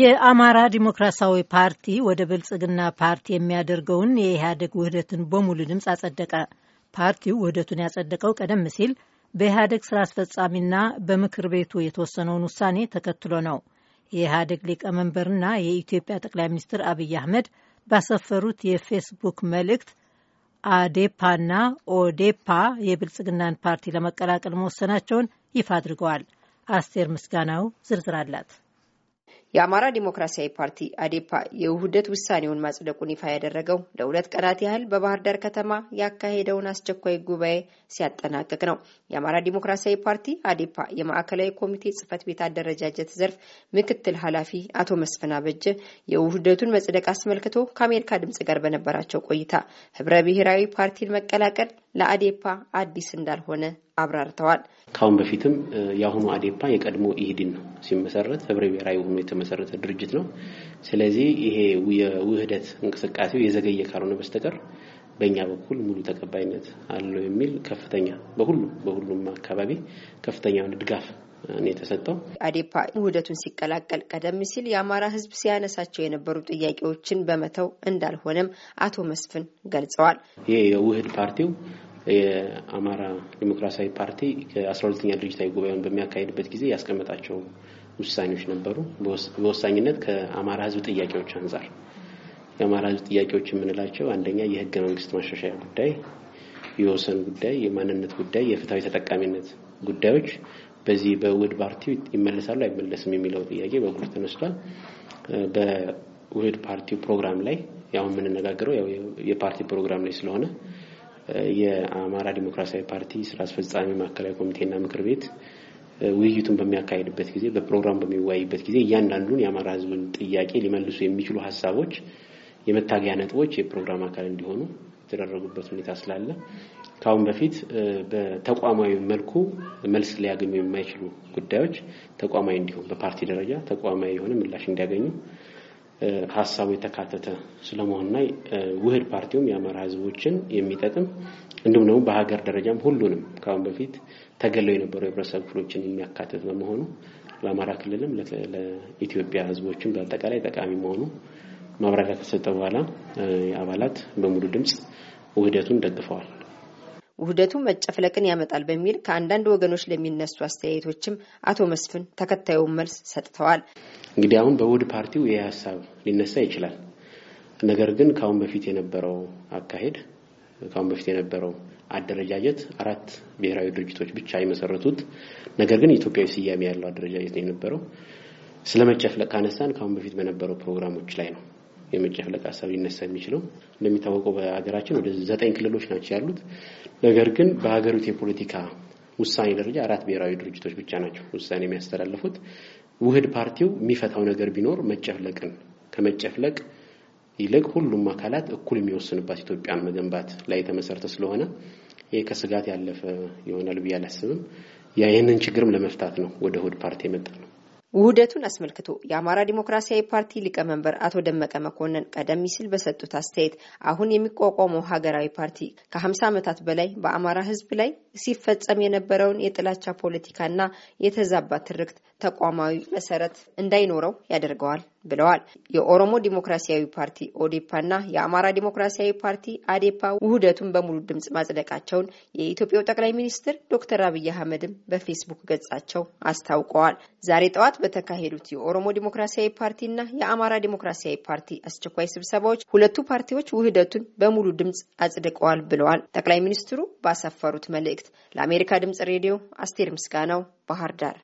የአማራ ዲሞክራሲያዊ ፓርቲ ወደ ብልጽግና ፓርቲ የሚያደርገውን የኢህአደግ ውህደትን በሙሉ ድምፅ አጸደቀ። ፓርቲው ውህደቱን ያጸደቀው ቀደም ሲል በኢህአደግ ስራ አስፈጻሚና በምክር ቤቱ የተወሰነውን ውሳኔ ተከትሎ ነው። የኢህአደግ ሊቀመንበርና የኢትዮጵያ ጠቅላይ ሚኒስትር አብይ አህመድ ባሰፈሩት የፌስቡክ መልእክት አዴፓና ኦዴፓ የብልጽግናን ፓርቲ ለመቀላቀል መወሰናቸውን ይፋ አድርገዋል። አስቴር ምስጋናው ዝርዝር አላት። የአማራ ዲሞክራሲያዊ ፓርቲ አዴፓ የውህደት ውሳኔውን ማጽደቁን ይፋ ያደረገው ለሁለት ቀናት ያህል በባህር ዳር ከተማ ያካሄደውን አስቸኳይ ጉባኤ ሲያጠናቅቅ ነው። የአማራ ዲሞክራሲያዊ ፓርቲ አዴፓ የማዕከላዊ ኮሚቴ ጽህፈት ቤት አደረጃጀት ዘርፍ ምክትል ኃላፊ አቶ መስፍን አበጀ የውህደቱን መጽደቅ አስመልክቶ ከአሜሪካ ድምጽ ጋር በነበራቸው ቆይታ ህብረ ብሔራዊ ፓርቲን መቀላቀል ለአዴፓ አዲስ እንዳልሆነ አብራርተዋል። ከአሁን በፊትም የአሁኑ አዴፓ የቀድሞ ኢህዲን ነው ሲመሰረት ህብረ ብሔራዊ ሆኖ የተመሰረተ ድርጅት ነው። ስለዚህ ይሄ የውህደት እንቅስቃሴው የዘገየ ካልሆነ በስተቀር በእኛ በኩል ሙሉ ተቀባይነት አለው የሚል ከፍተኛ በሁሉም በሁሉም አካባቢ ከፍተኛ ድጋፍ እኔ የተሰጠው አዴፓ ውህደቱን ሲቀላቀል ቀደም ሲል የአማራ ህዝብ ሲያነሳቸው የነበሩ ጥያቄዎችን በመተው እንዳልሆነም አቶ መስፍን ገልጸዋል። ይህ የውህድ ፓርቲው የአማራ ዲሞክራሲያዊ ፓርቲ ከአስራ ሁለተኛ ድርጅታዊ ጉባኤውን በሚያካሄድበት ጊዜ ያስቀመጣቸው ውሳኔዎች ነበሩ። በወሳኝነት ከአማራ ህዝብ ጥያቄዎች አንጻር የአማራ ህዝብ ጥያቄዎች የምንላቸው አንደኛ የህገ መንግስት ማሻሻያ ጉዳይ የወሰን ጉዳይ፣ የማንነት ጉዳይ፣ የፍትሐዊ ተጠቃሚነት ጉዳዮች በዚህ በውህድ ፓርቲው ይመለሳሉ አይመለስም የሚለው ጥያቄ በጉልህ ተነስቷል። በውህድ ፓርቲው ፕሮግራም ላይ ያው የምንነጋገረው ያው የፓርቲ ፕሮግራም ላይ ስለሆነ የአማራ ዲሞክራሲያዊ ፓርቲ ስራ አስፈጻሚ ማዕከላዊ ኮሚቴና ምክር ቤት ውይይቱን በሚያካሄድበት ጊዜ በፕሮግራም በሚወያይበት ጊዜ እያንዳንዱን የአማራ ሕዝብን ጥያቄ ሊመልሱ የሚችሉ ሀሳቦች፣ የመታገያ ነጥቦች የፕሮግራም አካል እንዲሆኑ የተደረጉበት ሁኔታ ስላለ ከአሁን በፊት በተቋማዊ መልኩ መልስ ሊያገኙ የማይችሉ ጉዳዮች ተቋማዊ እንዲሁም በፓርቲ ደረጃ ተቋማዊ የሆነ ምላሽ እንዲያገኙ ሀሳቡ የተካተተ ና ውህድ ፓርቲውም የአማራ ሕዝቦችን የሚጠቅም እንዲሁም ደግሞ በሀገር ደረጃም ሁሉንም ከአሁን በፊት ተገለው የነበሩ የህብረተሰብ ክፍሎችን የሚያካትት በመሆኑ ለአማራ ክልልም ለኢትዮጵያ ሕዝቦችን በአጠቃላይ ጠቃሚ መሆኑ ማብራሪያ ከተሰጠ በኋላ አባላት በሙሉ ድምፅ ውህደቱን ደግፈዋል። ውህደቱ መጨፍለቅን ያመጣል በሚል ከአንዳንድ ወገኖች ለሚነሱ አስተያየቶችም አቶ መስፍን ተከታዩን መልስ ሰጥተዋል። እንግዲህ አሁን በውህድ ፓርቲው ይህ ሀሳብ ሊነሳ ይችላል። ነገር ግን ከአሁን በፊት የነበረው አካሄድ ከአሁን በፊት የነበረው አደረጃጀት አራት ብሔራዊ ድርጅቶች ብቻ የመሰረቱት ነገር ግን ኢትዮጵያዊ ስያሜ ያለው አደረጃጀት ነው የነበረው። ስለ መጨፍለቅ ካነሳን ከአሁን በፊት በነበረው ፕሮግራሞች ላይ ነው የመጨፍለቅ ሀሳብ ሊነሳ የሚችለው እንደሚታወቀው በሀገራችን ወደ ዘጠኝ ክልሎች ናቸው ያሉት። ነገር ግን በሀገሪቱ የፖለቲካ ውሳኔ ደረጃ አራት ብሔራዊ ድርጅቶች ብቻ ናቸው ውሳኔ የሚያስተላልፉት። ውህድ ፓርቲው የሚፈታው ነገር ቢኖር መጨፍለቅን ከመጨፍለቅ ይልቅ ሁሉም አካላት እኩል የሚወስንባት ኢትዮጵያን መገንባት ላይ የተመሰረተ ስለሆነ ይህ ከስጋት ያለፈ ይሆናል ብዬ አላስብም። ያ ይህንን ችግርም ለመፍታት ነው ወደ ውህድ ፓርቲ የመጣ ነው። ውህደቱን አስመልክቶ የአማራ ዲሞክራሲያዊ ፓርቲ ሊቀመንበር አቶ ደመቀ መኮንን ቀደም ሲል በሰጡት አስተያየት አሁን የሚቋቋመው ሀገራዊ ፓርቲ ከ50 ዓመታት በላይ በአማራ ሕዝብ ላይ ሲፈጸም የነበረውን የጥላቻ ፖለቲካና የተዛባ ትርክት ተቋማዊ መሰረት እንዳይኖረው ያደርገዋል ብለዋል። የኦሮሞ ዲሞክራሲያዊ ፓርቲ ኦዴፓና የአማራ ዲሞክራሲያዊ ፓርቲ አዴፓ ውህደቱን በሙሉ ድምጽ ማጽደቃቸውን የኢትዮጵያው ጠቅላይ ሚኒስትር ዶክተር አብይ አህመድም በፌስቡክ ገጻቸው አስታውቀዋል። ዛሬ ጠዋት በተካሄዱት የኦሮሞ ዲሞክራሲያዊ ፓርቲና የአማራ ዲሞክራሲያዊ ፓርቲ አስቸኳይ ስብሰባዎች ሁለቱ ፓርቲዎች ውህደቱን በሙሉ ድምጽ አጽድቀዋል ብለዋል። ጠቅላይ ሚኒስትሩ ባሰፈሩት መልእክት ለአሜሪካ ድምፅ ሬዲዮ አስቴር ምስጋናው ባህር ዳር